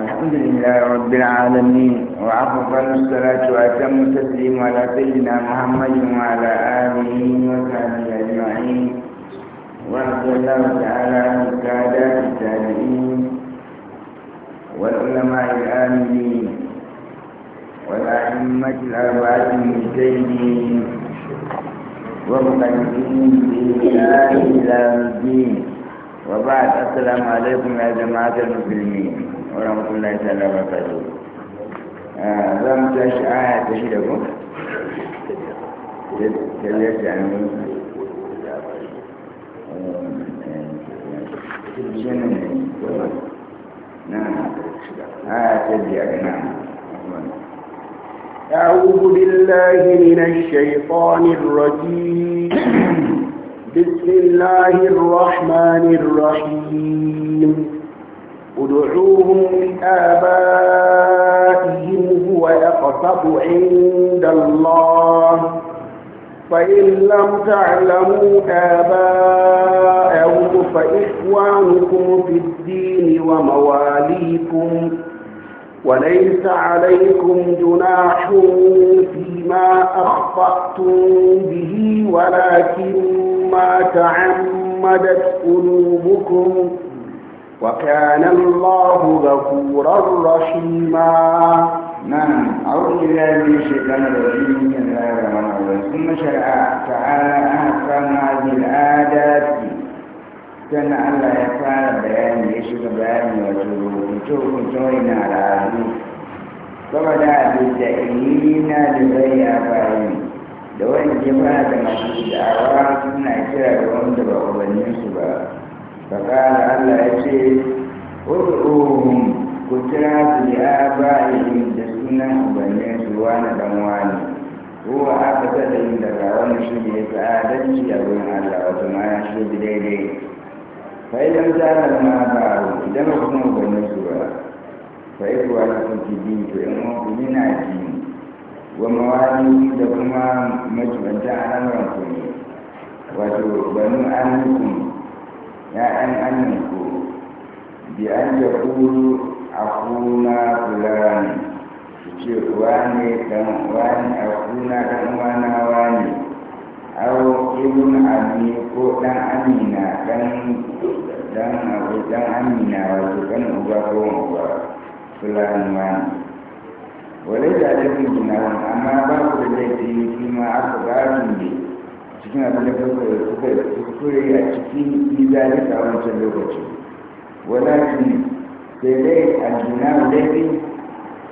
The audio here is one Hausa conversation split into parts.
الحمد لله رب العالمين وأفضل الصلاة وأتم التسليم على سيدنا محمد وعلى آله وصحبه أجمعين ورضي الله تعالى عن التابعين والعلماء الآمنين والأئمة الأربعة المجتهدين ومتنجين بإله إلى الدين وبعد السلام عليكم يا جماعة المسلمين ورحمة الله تعالى وبركاته آه، لم تشاء آية تشيلكم تليس عني آه، نعم آية تبيع نعم أعوذ بالله من الشيطان الرجيم بسم الله الرحمن الرحيم ادعوهم لآبائهم هو أقسط عند الله فإن لم تعلموا آباءهم فإخوانكم في الدين ومواليكم وليس عليكم جناح فيما أخطأتم به ولكن ما تعمدت قلوبكم وكان الله غفورا رحيما نعم أعوذ بالله من الشيطان الرجيم من الله الرحمن الرحيم ثم شرع تعالى أحكام هذه العادات sannan Allah ya fara bayani ya shiga bayani wato rubutu hukuncin wani al'adu saboda abin da na da zai ya bayi da wani ke fara da masu da'awa suna kira da wanda ba su ba fakara Allah ya ce ud'uhum ku kira su ya bayi da sunan ubanninsu wani dan wani kowa aka tada yin daga wani shi ne ya fi adalci a wurin Allah wato ma ya shi daidai fa idan jana ma ba idan ba kuma ubannin su ba fa ikuwa na kuki biyu to yan wani yana addini wa mawani da kuma a al'amuran ku ne wato banu annukun ya'yan annunku bi an da kuru a kuna fulani su ce wane dan wani a kuna dan wana wani au ibn a ami ko dan amina dan dan abu dan amina wato kan uba ko uba sulaiman wale da amma ba ku da laifi shi ma aka gano ne cikin abin da kuka kuskure a cikin izalika a wancan lokaci walakin sai dai aljinahu laifi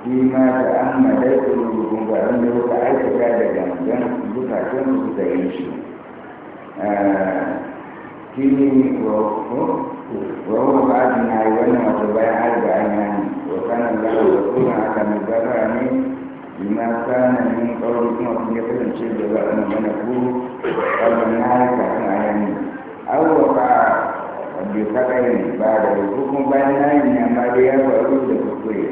shi ma ta amma dai kuma ga abin da kuka aikata da gangan zukatan su shi shine ne ko ko ko ba ni na yi wani wata bayan harba an yi ne ko kana da wata kuma aka mai gaba ne ina sana ne kawai kuma kun ya kasance da za a nuna mana ku kawai na yi kafin a yi ne awo ba a bi kaka yi ba da wasu kuma bayan na yi ne amma da ya faru da kuskure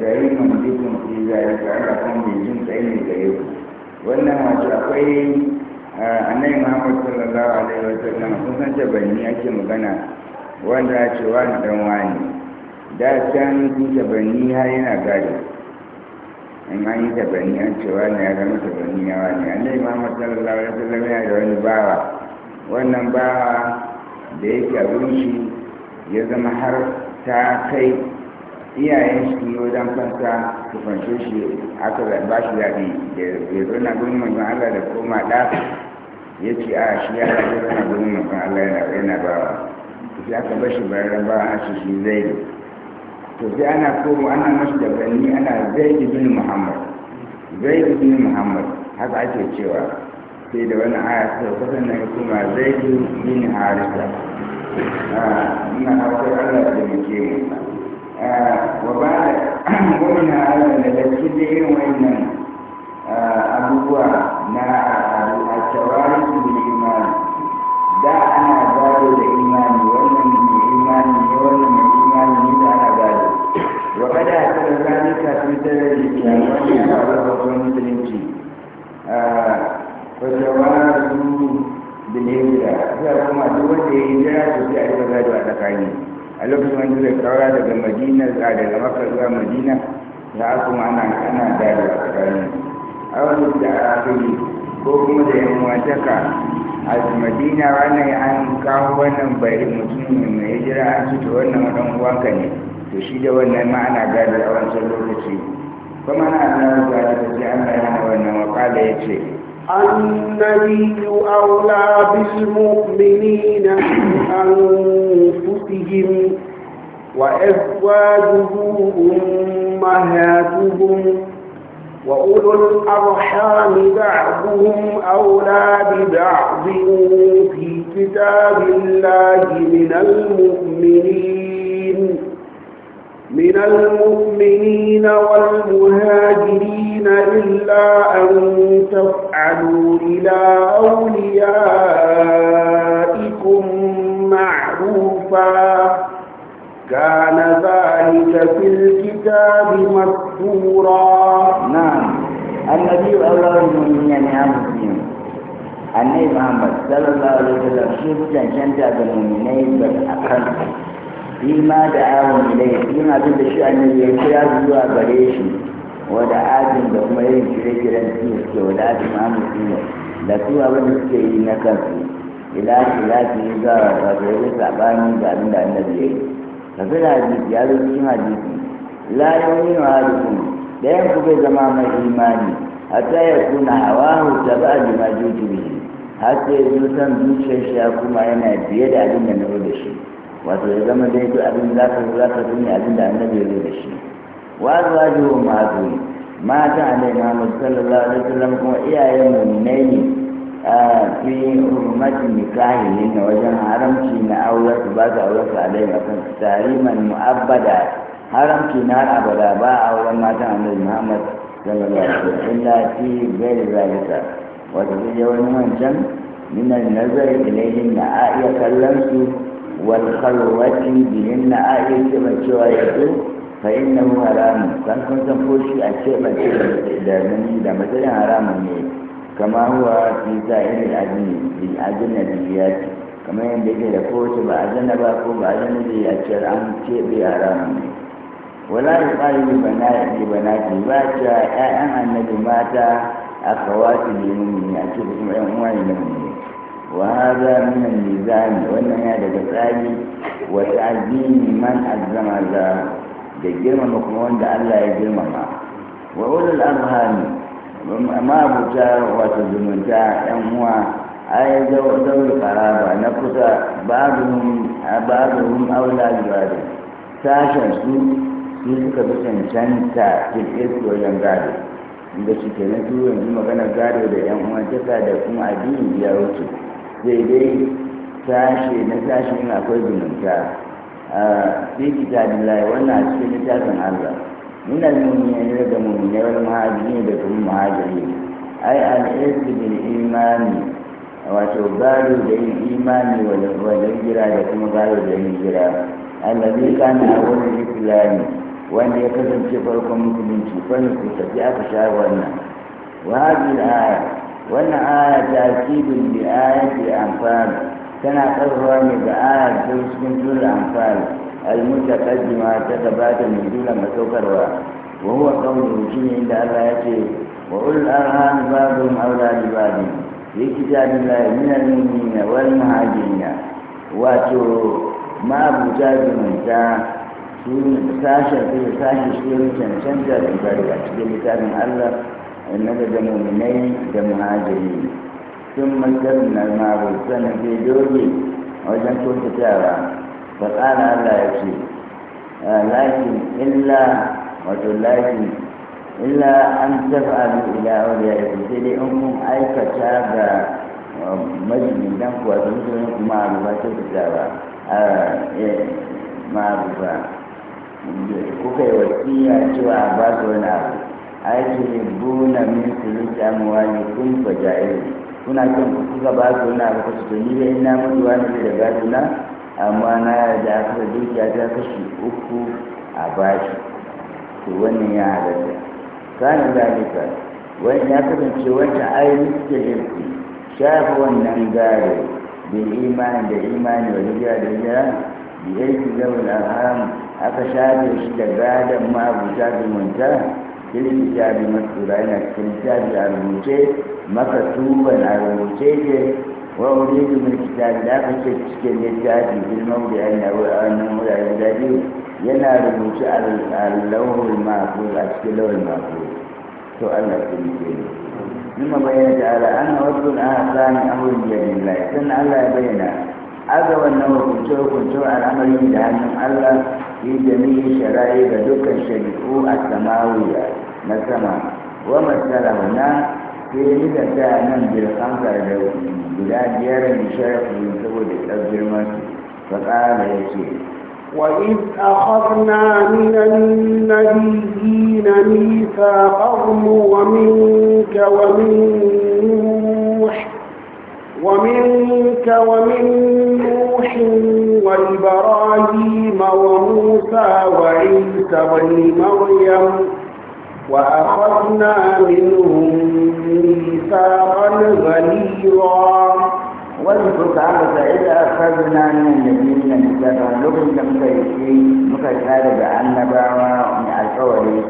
rayu na mutum kun fi zai ka ana kan bejin tsaye ne da yau wannan wata akwai annai muhammad sallallahu alaihi wa sallam kun san ce bai ni ake magana wanda ya ce wani dan wani da can kun ce bai ni yana gari, in an yi ta bai ni an ce wani ya zama ta bai ni ya wani annai muhammad sallallahu alaihi wa sallam ya da wani bawa wannan bawa da yake abin shi ya zama har ta kai iyayen shi wajen fansa su fanshe shi aka ba shi zaɓi da ya zo na gudun manzon Allah da koma da. ya ce a shi ya haɗe yana gurin mafan Allah yana yana bawa sai aka bar shi bayan ba a shi shi zai to sai ana komo ana mashi da banni ana zai bin muhammad zai bin muhammad haka ake cewa sai da wani aya sai kusan nan kuma zai yi bin harisa ina hausa Allah da muke mu wa ba da na Allah da gaske da irin wannan lokacin wanda zai saura daga madina a daga maka zuwa madina a kuma ana ana da da tsakanin wani da arabi ko kuma da yan wataka a madina wannan an kawo wannan bari mutum mai jira an fito wannan wadan uwanka ne to shi da wannan ma ana gado a wancan lokaci kuma ana da da sai Allah ya wannan wakala ya ce النبي أولى بالمؤمنين من أنفسهم وأزواجه أمهاتهم وأولو الأرحام بعضهم أولى ببعض في كتاب الله من المؤمنين من المؤمنين والمهاجرين إلا أن تفعلوا إلى أوليائكم معروفا كان ذلك في الكتاب مكتورا نعم النبي الله يعني المؤمنين يا مسلم النبي محمد صلى الله عليه وسلم شيخ جنجنت المؤمنين بالأقل fi ma da awon ilai cikin abin da shi annabi ya kira zuwa gare shi wa da ajin da kuma yin kire-kiren ya suke wa da ajin amurki da su abin da suke yi na kansu ila filafi za a rarrabe sabani da abin da annabi ya yi da hadisi ya zo cikin hadisi la yi wa hadikun da yan ku bai zama mai imani hatta ya kuna hawahu ba a jima bihi har sai zo san zuciyar shi kuma yana biye da abin da na da shi wato ya zama da duk abin da zaka za ka abin da annabi ya zo da shi wa zuwa ma'azuri mata annabi Muhammad sallallahu alaihi wasallam kuma iyayen mu'minai ne fi hurmati nikahi ne wajen haramci na aure su ba su aure su alaihi akan tariman mu'abbada haramci na abada ba auren mata annabi Muhammad sallallahu alaihi wasallam illa fi ghairi zalika wato sai wani wancan min nazari ilayhin na a iya kallon su والخلوة بهن آية كما شوائته فإنه حرام كان كنت فوشي أشياء ما تدامني لما تدام حرام كما هو في سائر الأجنة في الأجنبيات كما يندجي لفوش بأجنب أكو بأجنبي أشياء عن شيء بحرام ولا يقال لبنات لبناتي باتا أأم النبي مات أخواتي لمؤمنين أشياء بسم الله وهذا من الميزان وانما دجتاني وتعزيم من عزم الله دجرم مكمون ده الله يجرم ما وأولو الأرهام ما بوتا وتزمنتا يموا أي ذوي القرابة نقص بعضهم بعضهم أولى ببعض sashen su su suka fi cancanta kirkirki wajen gado inda shi kenan su yanzu magana gado da yan uwan da kuma addini ya wuce sai dai sashe na sashe yin akwai zumunta a fi kitabillahi wannan a cikin littafin Allah Muna min al-mu'minin daga mu'minai wal ne da kuma muhajiri ai al-irsi bil imani wato gado da yin imani wajen jira da kuma gado da yin jira allazi kana a wurin islami wanda ya kasance farkon musulunci fannin ku tafi aka sha wannan wa hadhihi al-ayat wannan aya ta kidin aya ayati amfani tana karfafa ne ga aya ta cikin tura amfani ma ta gabata mai dole masaukarwa wa huwa qawluhu ne inda Allah ya ce wa ul arham ba'dhum awla bi ba'd fi kitabillahi min al-mu'minina wal muhajirina wato ma abuja zumunta su sashen su sashen shi ne cancanta da ibada cikin littafin Allah innaka da mu'minai da muhajiri sun masharin na maru sannan zai doge wajen kyautatawa ta ƙara Allah ya ce lakin illa wato lakin illa an tafa'alu ila awliya ikum sai dai an kun aikata ga majalisan kuwa da mutane kuma a ruwa kyautatawa ma ba kuka yi wasiya cewa ba su wani abu ayatuhibbuna min suluki kun fa ja'ilu kuna son ku kuka ba su wani abu kasu to ni da ina mutu wani ne da gado na amma na yarda aka da dukiya ta kashi uku a bashi to wannan ya halatta kana zalika wani ya kasance wata ayin sha shafa wannan gado bil imani da imani wa hijira da hijira bi aiki zaul arham aka shafe shi da gadon ma'abuta zumunta filin jari masura yana cikin jari a rubuce maka tuba na rubuce ke wani wuri jimin jari da aka ce cikin littafi girman da yana wannan wuraren guda biyu yana rubuce a lauhul maku a cikin lauhul maku, to allah ke nufi ne nima bayan da ala an na wasu na hasani amurin yadin lai sannan allah ya bayyana aga wannan hukunce hukunce al'amari da hannun allah fi jami'in shara'i da dukkan shari'u a samawiya na sama wa masara na ke yi da ta nan bil hankar da guda biyar da shari'u ne saboda tsarfin masu ta tsara ya ce وإذ أخذنا من النبيين ميثاقهم ومنك ومن نوح ومنك ومن نوح وإبراهيم وموسى وعيسى بن مريم وأخذنا منهم ميثاقا غليظا واذكر تعالى فإذا أخذنا من النبيين ميثاقا لكن لم تكن متكالب نبع من الحوالي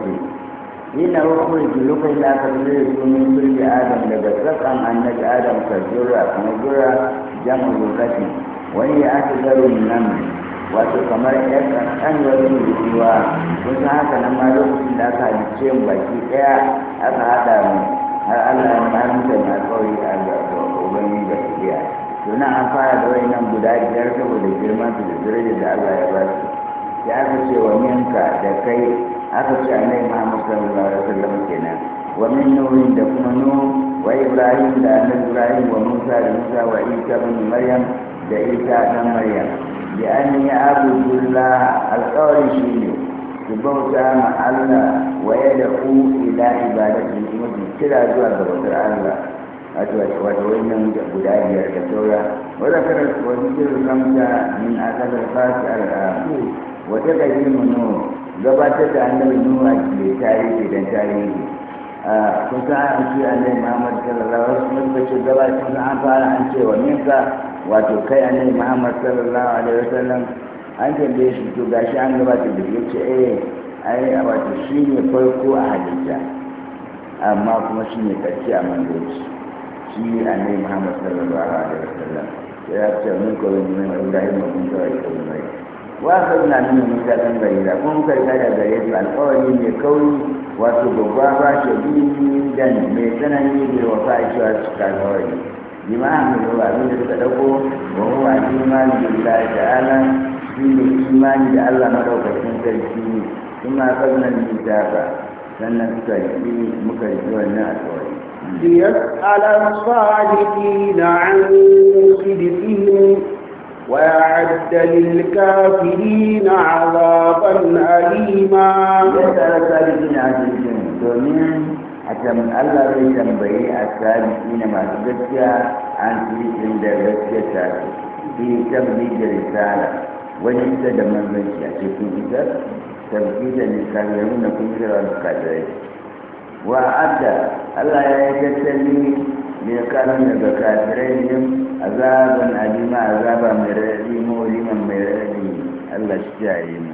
إن أخرج لكي لا تبلغ من كل آدم لبسقا أن آدم كالجرة كالجرة جمع لكتي wani ya aka garin nan wato kamar yar ƙanƙanuwar rikiwa kun san haka nan ma lokacin da aka halicce mu baki ɗaya aka haɗa mu har allah ya ma muka na kawai a yi da kuriya to nan an fara da wani nan guda biyar saboda girman su da darajar da allah ya ba su sai aka ce wa minka da kai aka ce annabi muhammad sallallahu alaihi wasallam kenan wa min nuhin da kuma nuhu wa ibrahim da annabi ibrahim wa musa da musa wa isa bin maryam da isa ɗan maryam da an yi abudullah alƙawari shi ne su bauta ma allah wa ya da ku ila ibadatin kuma su kira zuwa ga bautar allah wato wato wannan guda biyar da saura wadda kada wasu kirin kamta min asabar fasi al'amu wata ƙarshen mu gabatar da annabi nuhu ke tarihi don tarihi kun san an ce annabi Muhammad sallallahu alaihi wasallam da ke gabatin an fara an ce wa minka wato kai annabi Muhammad sallallahu alaihi wasallam an tambaye shi to gashi an gabatar da yace eh ai wato wato shine farko a hadisa amma kuma shine karshe a mandoci shi annabi Muhammad sallallahu alaihi wasallam ya ce min ko min Ibrahim mun ga ita ne wa na min musa kan garira kun karka da gare su alkawari mai kauri wato babba ba shi biyu dan mai tsanani bai wafa a cewa su kawai bima hamilu ba abin da suka dauko wa huwa imani billahi ala shi ne imani da Allah madaukakin sarki ne kuma kaznan ba sannan suka yi muka yi wannan alkawari ليسأل الصادقين عن صدقهم وأعد للكافرين عذابا أليما akan Allah zai tambayi a sabiki na masu gaskiya an cikin da gaskiya ta fi tabbi da risala wani ita da manzanci a cikin ita tabbi da nisayaru na kungirar kajirai wa adda Allah ya yi tattali mai kanin daga azaban alima azaba mai raɗi mawaliman mai raɗi allah shi kiyaye mu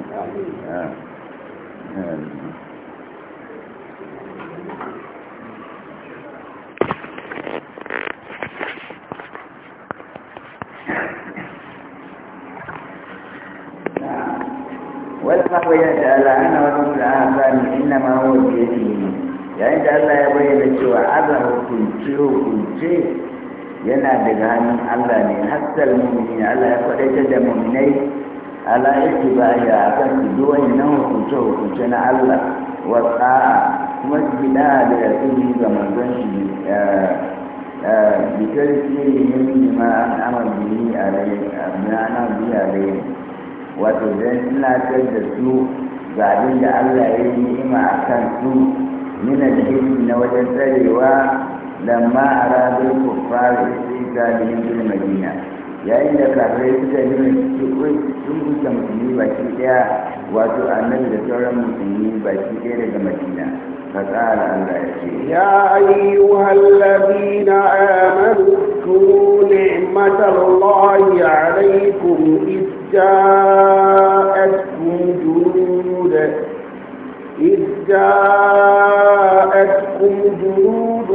والحق يجعل أنا ورسول الأعظام إنما هو بيده يعني الله يبين لك وعظه كنت وكنت yana daga hannun Allah ne hassar mu'mini Allah ya faɗaita da mu'minai ala yake ba ya akan su wani wannan hukunce hukunce na Allah wa tsa'a kuma su bi da da rasuli ga manzon shi eh, eh, bitar shiri ne ma an amar biyi a rai biyi a rai wato don tunatar da su ga abin da Allah ya yi ni'ima a kan su nuna da na wajen tsarewa لما أراد الكفار استيقاظهم في المدينة يعني إذا كفرت تجمع تقول تنبو تمتيني باشيكيا واتو أنك تتورى مسلمين باشيكيا لك مدينة فقال الله يا أيها الذين آمنوا اذكروا نعمة الله عليكم إذ جاءتكم جنود إذ جاءتكم جنود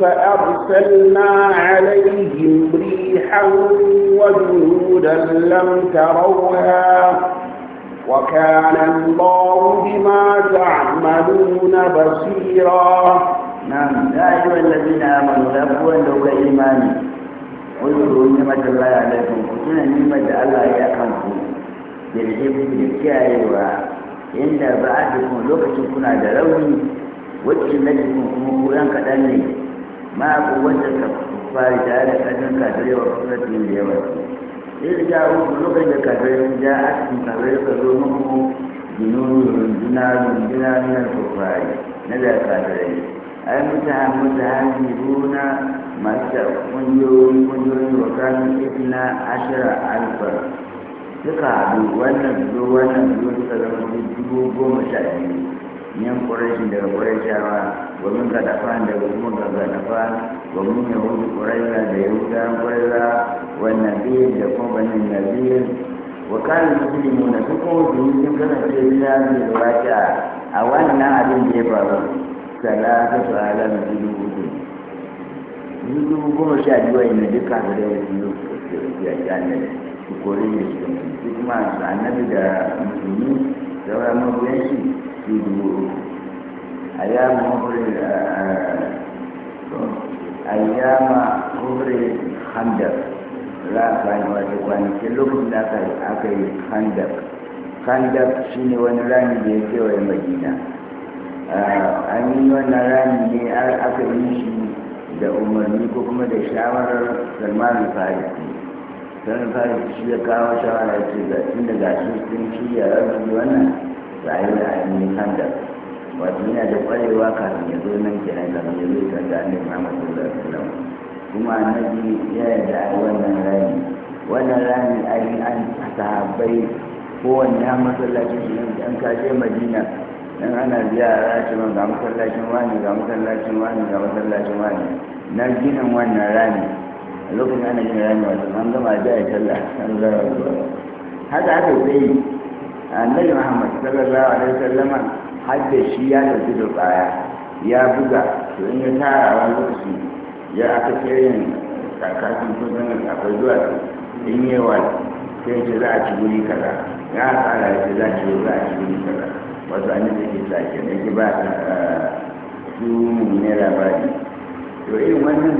فأرسلنا عليهم ريحا وجنودا لم تروها وكان الله بما تعملون بصيرا نعم يا أيها الذين آمنوا لا تولوا إيماني واذكروا نعمة الله عليكم وكنا نعمة الله يا أخوكم بالحب بالكايوة inda ba a kuma lokacin kuna da rauni wacce na ji kuma koyan kaɗan ne ma a kowace ka fari tare da ƙarfin kafirai wa kusurati da yawa sai da ja uku lokacin da kafirai ja a cikin kafirai ka zo muku jinonu runduna runduna na kufari na da kafirai ai mutane mutane runa masu kungiyoyin kungiyoyin wa kanin na ashira alfar suka haɗu wannan zuwa wannan zuwa suka zama wani dubu goma sha biyu yan ƙurashin daga ƙurashawa wa min gadafan daga kuma gadafan wa ya yahudu ƙurasha da ya an ƙurasha wa biyu da kuma na biyu. wa kanin musulmi na su kuma musulmi sun kasance biya mai wata a wannan abin da ya faru salatu su alam dubu uku dubu goma sha biyu wa yana duka da yahudu ya ƙi annabi su kore da shi su kuma su annabi da musulmi sauran mabiyan shi su dubu a ya mafi a ya mafi handar za a kwani wata kwanakin lokacin da aka yi handar handar shi ne wani rami da ya kewaye madina an yi wannan rani ne aka yi shi da umarni ko kuma da shawarar salman farisi don fari shi ya kawo shawara ya ce ga inda ga shi sun shirya rabi wannan rayu da ainihin kanta wato yana da kwarewa kafin ya zo nan nan kafin ya zo ta da annabi Muhammad sallallahu alaihi wasallam kuma annabi ya yarda a wannan rami wannan rami ainihin an sahabbai kowanne ya masallacin shi an kashe Madina dan ana a rashi man ga masallacin wani ga masallacin wani ga masallacin wani na ginin wannan rami lokacin ana gina rami wasu an gama a a talla an zara haka haka sai annabi muhammad sallallahu alaihi wasallama hajji shi ya tafi da tsaya ya buga to in ya tara wani lokaci ya aka kerin yin sun zama akwai zuwa in yi wa sai ce za a ci guri kaza ya tsara ya ce za a ci za a ci guri kaza wasu an yi ke sa ke ki ba eh, su mu labari to irin wannan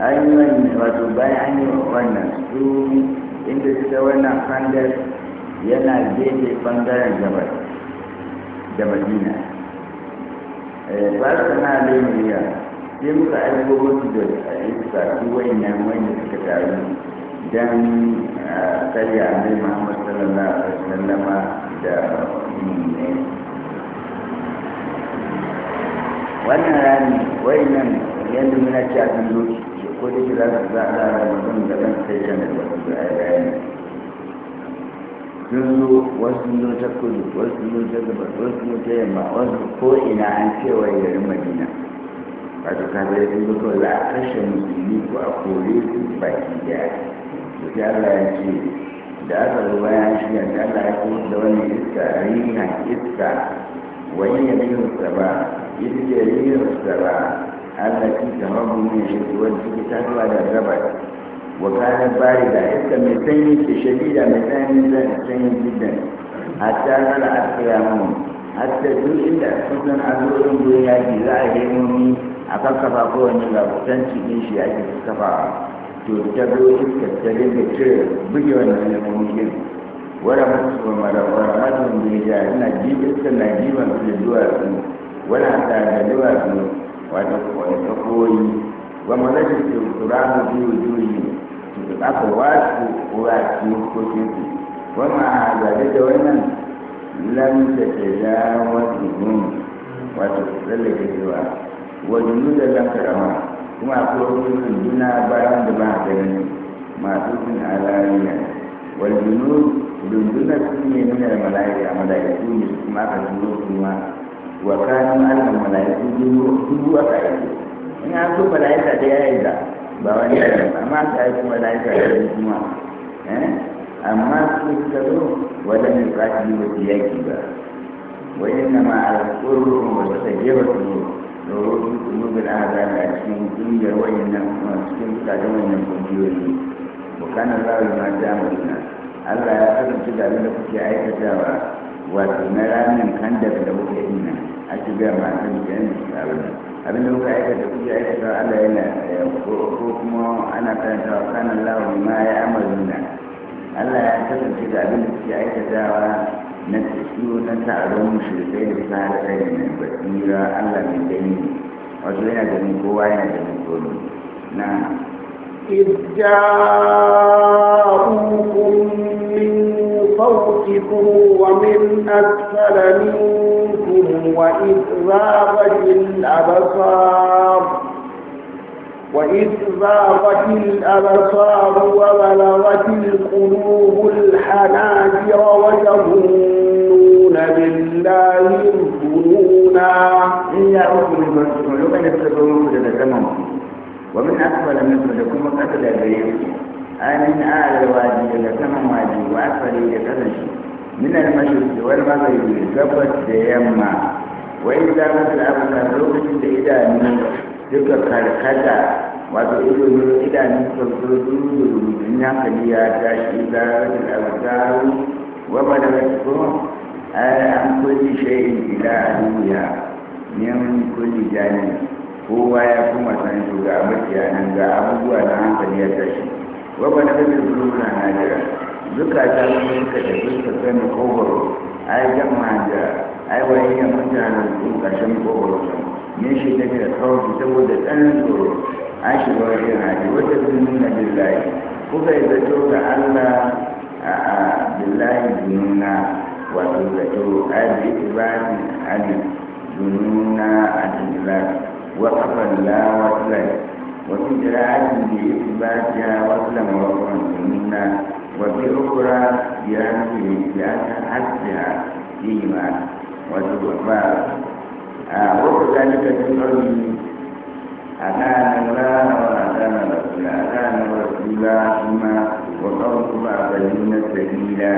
ainihin wato bayan an yi wannan su inda suka wannan hangar yana gefe bangaren gabar da madina eh, ba su na lemuriya sai muka aiko wasu da iska su wayan wanda suka taru don ah, karya annabi muhammad sallallahu alaihi wasallam da mummune wannan rani wayan yadda muna ci a kan lokaci ko da shi za ka za a da mutum da ɗan kai kan da wasu da ya bayani sun zo wasu zo ta kudu wasu zo ta gaba wasu zo ta yamma wasu ko ina an cewa garin madina wato kafirai sun zo kawai za a kashe musulmi ko a kore su baki daya to sai Allah ya ce da aka zo bayan shi ya Allah ya ce da wani iska rihan iska wani ya rihin sa ba ita ce rihin sa التي تهرب da الشمس والتي تهرب da الجبل وكانت باردة إذا مثاني شديدة مثاني سنة جدا حتى خلعت قيامهم حتى duk inda kusan a zuwan gurin yaki za a hemomi a kan kafa kowane ga kusan cikin shi ake kafa to ta zo iska ta dinga cire buge wannan hemomi din wala musu mara wala musu da ya ina jibin na jiban su da duwatsu wani ta da duwatsu wata koyi wa manashi ke turamu biyu juyi da aka wasu wuraki hukukin su wani a hazari da wannan lam da ke da wasu gun wato tsallake cewa wajen da lam karama kuma a kowace juna bayan da ba a gani masu sun alariya wajen nuna su ne nuna da mala'ika mala'ika su ne kuma aka zuwa kuma wa kanu annal malaiku dubu aka aiki in an so malaika da yayin da ba wani yayin amma aka aiki malaika da yayin kuma eh? amma su suka zo wajen yin kashi ba su yaki ba wajen na ma'alar tsoron ba su tsaye ba su zo da wasu kunubin azami a cikin kungiyar wajen nan kuma cikin kudajen wajen kungiyoyi bukanan zawon ma jamurina allah ya kasance da abin da kuke aikatawa wato na ramin kandar da kuke yi nan ake gaya ma annabi da yanzu su abin abin da kuka aikata kuke aikata ala yana eh, ko kuma ana karanta wa kanan lahu ma ya na. Allah ya kasance da abin da kuke aikatawa na tsiyo na taron shirkai da ta hada kai da basira Allah mai gani wato yana ganin kowa yana ganin komai na إذ جاءوكم من فوقكم ومن أسفل منكم وإذ ذابت الأبصار وإذ ذابت الأبصار وبلغت القلوب الحناجر وتظنون بالله الظنونا إن يعرفوا من فوقكم لو ومن أسفل منه لكم قتل بريء آمن أعلى الوادي لكم وادي وأسفل لكم من المشرق والمغرب gabas da yamma wai za mu da abubuwa lokacin da idanu duka karkata wato idanu idanu sauro duru in ya tashi za mu da abubuwa wa ba da wasu an kulli shayin ila duniya kulli kowa ya kuma san su ga a nan ga abubuwa na hankali ya tashi wabba na kafin zuru na jira ta kuma suka tafi suka kai makogoro ai gama da ai wani ya mutanen su ƙarshen makogoro ne shi ke da kawai saboda tsananin tsoro an shiga wajen hali wata sun nuna billahi kuka yi zato ga allah a billahi dununa wato zato a bi ibadin hali dununa a dunilasi وقف لا وصلا وفي قراءة بإثباتها وصلا ووقفا منا وفي أخرى بأن حذفها فيما وتكفى آه، وكذلك في قوله أتانا الله وأتانا الرسول أتانا الرسول هما وقومهما بلون سبيلا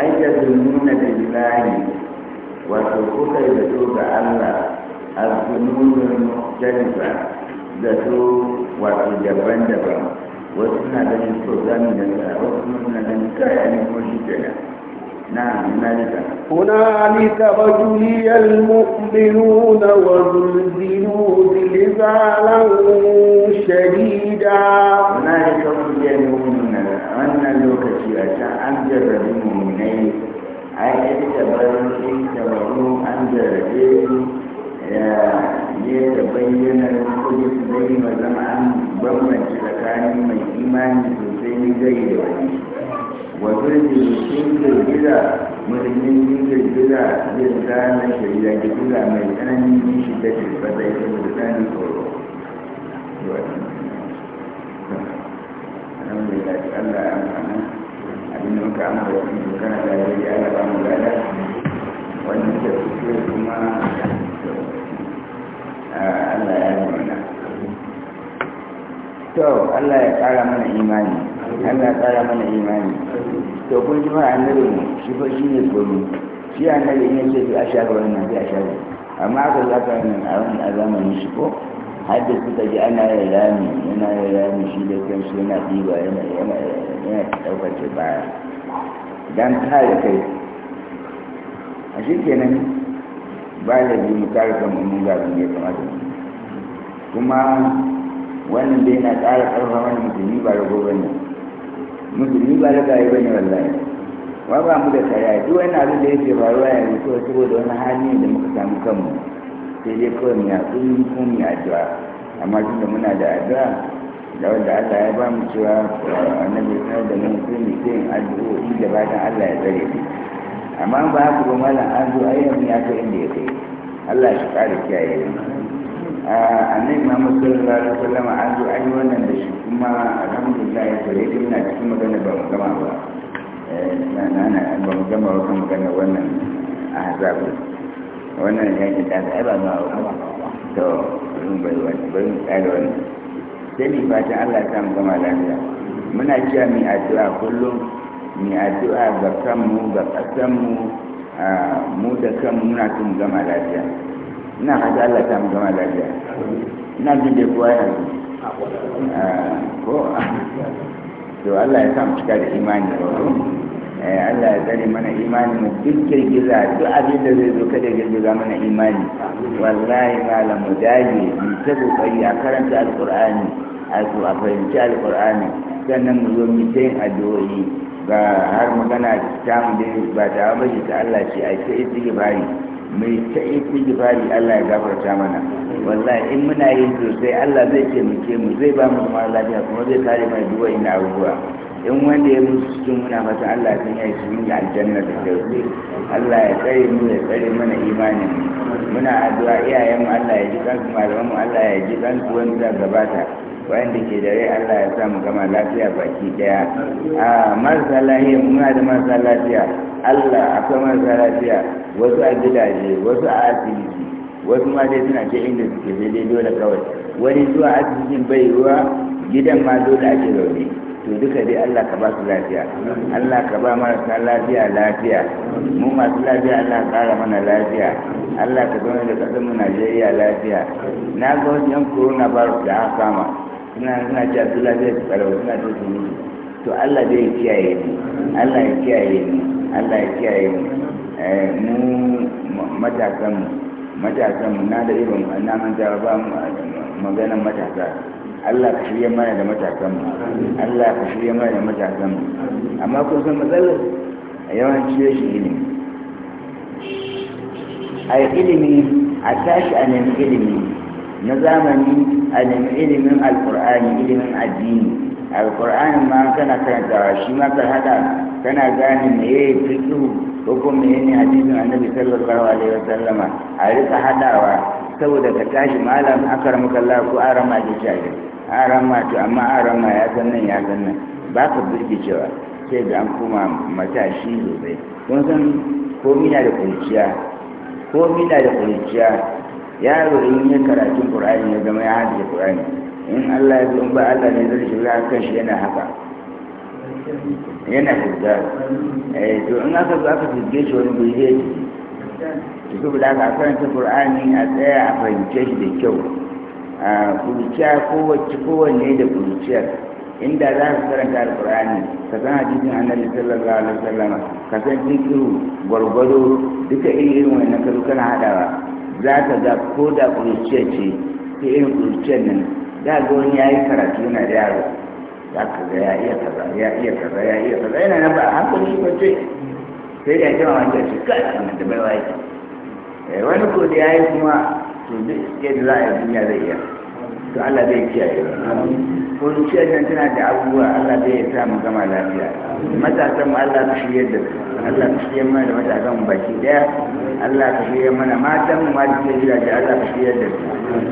أي تظنون بالله وتوقف يتوب الله الفنون المختلفة ذاتو وتجبان دبا وسنة للسلطان دبا وسنة للكائن مشكلة نعم هنالك هنالك ابتلي المؤمنون وزلزلوا زلزالا شديدا هنالك ابتلي المؤمنون أن الوقت أنجر بالمؤمنين أي اعتبروا اعتبروا أنجر بالمؤمنين yadda bayyanar kudus zai ma zama an bambanci tsakanin mai imani sosai ni zai da wani wato da sun girgiza musulmin sun girgiza zai zana shari'a girgiza mai tsananin shi da shi ba zai ta da tsananin tsoro alhamdulillah Allah ya amfana abin da muka amfana da shi kana da ya Allah ba mu gada wannan da kuma to Allah ya kara mana imani Allah ya kara mana imani to kun ji mana annabi shi fa shi ne gori shi annabi ne sai a ga wannan sai a shafa amma aka zaka nan a wani a zamanin shi ko hadda suka ji ana ya rami yana ya rami shi da shi yana ɗiba yana yana yana ɗaukar ce baya dan kare kai a shi kenan ba da bi mu kare kan mun ga ya kamata kuma wannan dai na ƙara ƙarfa wani musulmi ba rago ba ne musulmi ba raga yi ba ne wallahi wa ba mu da kariya duk wani abin da yake faruwa yanzu ko saboda wani hali da muka samu kanmu sai dai kawai mu yaƙi kuma mu addu'a amma tun da muna da addu'a da wanda Allah ya ba mu cewa annabi ya da mu sai mu sai addu'o'i da bayan Allah ya tsare ni amma ba ku ba malam an zo ya kai inda ya kai Allah shi ƙara kiyaye mu annabi Muhammad sallallahu alaihi wasallam an zo an yi wannan da shi kuma alhamdulillah ya tare da ina cikin magana ba mu gama ba eh, na na ba mu gama ba kan magana wannan a hazabu wannan ya ji da ai ba ma to mun bai wani bai mu tsaya wani sai ni ba ta Allah ta mu gama lafiya muna cewa mi addu'a kullum mi addu'a ga kanmu ga ƙasanmu mu da kanmu muna son gama lafiya ina hajji Allah ta mu gama lafiya ina jin da kowa yana ji ah, ko to Allah ya sa mu cika da imani da eh, Allah ya tsare mana imani mu duk girgiza duk abin da zai zo kada girgiza mana imani wallahi malam mu dage mu ta kokari a karanta alqur'ani a su a fahimci alqur'ani sannan mu zo mu ta yin addu'o'i ba har magana ta mu dai ba ta ba ta Allah shi a ce ita bari mai ta istighfari Allah ya gafarta mana wallahi in muna yin sosai Allah zai taimake mu zai ba mu ma lafiya kuma zai kare mai duwa ina abubuwa in wanda ya musu cikin muna mata Allah sun yi cikin ga aljanna da kyautai Allah ya tsare mu ya tsare mana imanin muna addu'a iyayen mu Allah ya ji kansu malaman mu Allah ya ji kansu wanda gabata da ke dare, Allah ya samu gama lafiya baki daya a marasa lafiya muna da marasa lafiya Allah akwai marasa lafiya wasu a gidaje wasu a asibiti wasu ma dai suna ce inda suke daidai dole kawai wani zuwa asibitin bai ruwa gidan ma dole ake rauni to duka dai Allah ka ba su lafiya Allah ka ba marasa lafiya lafiya mu masu lafiya Allah ka kara mana lafiya Allah ka zama da kasar mu Najeriya lafiya na ga wasu yan corona virus da aka kama suna suna ci abdullahi zai tsaro suna ce su mutu to allah zai kiyaye ni allah ya kiyaye ni allah ya kiyaye ni eh, mu matasan matasan mu na da irin na manta ba mu maganan matasa allah ka shirya mana da matasan mu allah ka shirya mana da matasan mu amma kun san matsalar yawanci shi ilimi a ilimi a tashi a nemi ilimi na zamani a nemi ilimin alkur'ani ilimin addini alkur'ani ma kana karantawa shi ma ka hada kana gane me ya fito ko kuma me ne hadisin annabi sallallahu alaihi wasallama a rika hadawa saboda ka tashi malam akar mukalla ko arama ke shaye arama to amma arama ya san nan ya san nan ba ka cewa sai da an kuma matashi sosai kun san ko mina da kurciya ko mina da kurciya yaro in yi karatu qur'ani ya zama ya hadiye ƙur'ani in Allah ya zo in ba Allah ne zai shiga kan shi yana haka yana hujjar eh to in aka zo aka fuske shi wani guri zai ci to saboda haka karanta qur'ani a tsaya a fahimce shi da kyau a kuruciya kowace kowanne da kuruciyar inda za ka karanta Alƙur'ani ka san hadisin annabi sallallahu alaihi wasallam ka san zikiru gwargwado duka irin irin wannan kazo kana hadawa za ka ga ko da kuruciya ce ta irin ƙuruciyar nan da ga wani ya yi karatu na da yaro za ka ga ya iya kaza ya iya kaza ya iya kaza yana na ba a hankali shi ce, sai da ita mamaki ce kai wannan da bai wa eh, wani ko da ya yi kuma to duk yadda za a yi duniya zai iya to Allah zai kiyaye kun ciyar nan tana da abubuwa Allah zai sa mu gama lafiya matasan mu Allah ka shirye da Allah ka shirye mana da matasan baki daya Allah ka shirye mana matan mu ma da ke gidaje Allah ka shirye da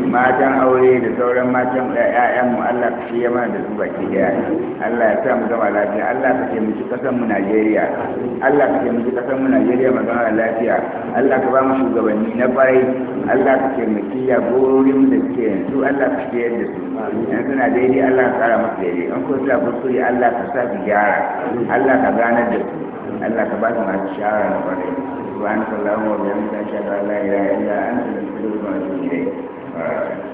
matan aure da sauran matan ƴaƴan mu Allah ka shirye mana da su baki daya Allah ya sa mu gama lafiya Allah ka taimaki kasar mu Najeriya Allah ka taimaki kasar mu Najeriya mu gama lafiya Allah ka ba mu shugabanni na kwarai Allah ka taimaki jagororin da suke yanzu Allah ka shiyar da su in suna daidai Allah ka tsara musu daidai in ko suna kuskure Allah ka sa su gyara Allah ka gane da su Allah ka ba su masu shara na kwarai subhanaka allahumma wa bihamdika ashhadu an la ilaha illa anta astaghfiruka wa atubu ilayk